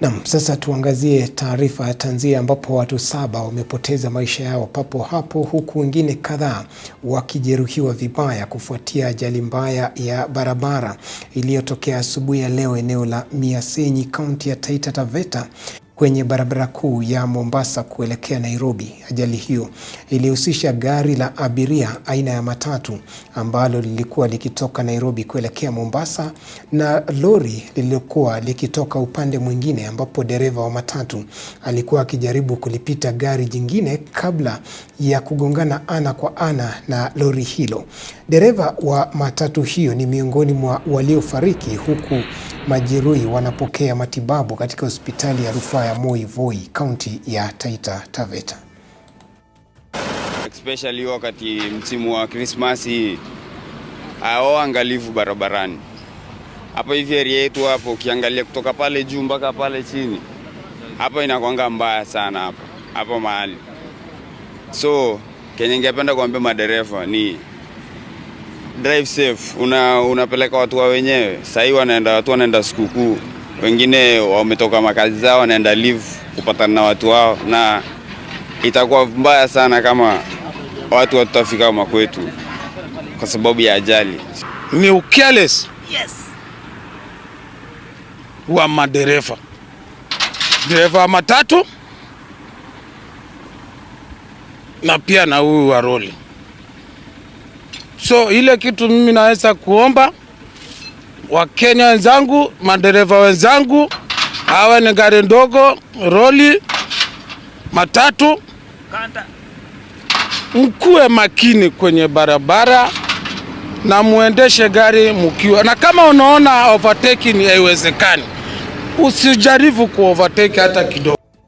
Nam, sasa tuangazie taarifa ya tanzia ambapo watu saba wamepoteza maisha yao papo hapo huku wengine kadhaa wakijeruhiwa vibaya kufuatia ajali mbaya ya barabara iliyotokea asubuhi ya leo eneo la Miasenyi kaunti ya Taita Taveta kwenye barabara kuu ya Mombasa kuelekea Nairobi. Ajali hiyo ilihusisha gari la abiria aina ya matatu ambalo lilikuwa likitoka Nairobi kuelekea Mombasa na lori lililokuwa likitoka upande mwingine, ambapo dereva wa matatu alikuwa akijaribu kulipita gari jingine kabla ya kugongana ana kwa ana na lori hilo. Dereva wa matatu hiyo ni miongoni mwa waliofariki huku Majeruhi wanapokea matibabu katika hospitali ya rufaa ya Moi Voi, kaunti ya Taita Taveta. Especially wakati msimu wa Krismasi, hao angalifu barabarani hapa hivi area yetu hapo, ukiangalia kutoka pale juu mpaka pale chini hapa inakwanga mbaya sana hapa hapa mahali. So kenye ningependa kuambia madereva ni drive safe una, unapeleka watu wa wenyewe. Sasa hivi wanaenda watu wanaenda sikukuu, wengine wametoka makazi zao, wanaenda live kupatana na watu wao, na itakuwa mbaya sana kama watu watutafika kama kwetu kwa sababu ya ajali. Ni ukeles yes, wa madereva dereva wa matatu na pia na huyu wa roli So ile kitu mimi naweza kuomba Wakenya wenzangu, madereva wenzangu, hawa ni gari ndogo, roli, matatu, mkuwe makini kwenye barabara na muendeshe gari mkiwa na, kama unaona overtaking haiwezekani, usijaribu ku overtake hata kidogo.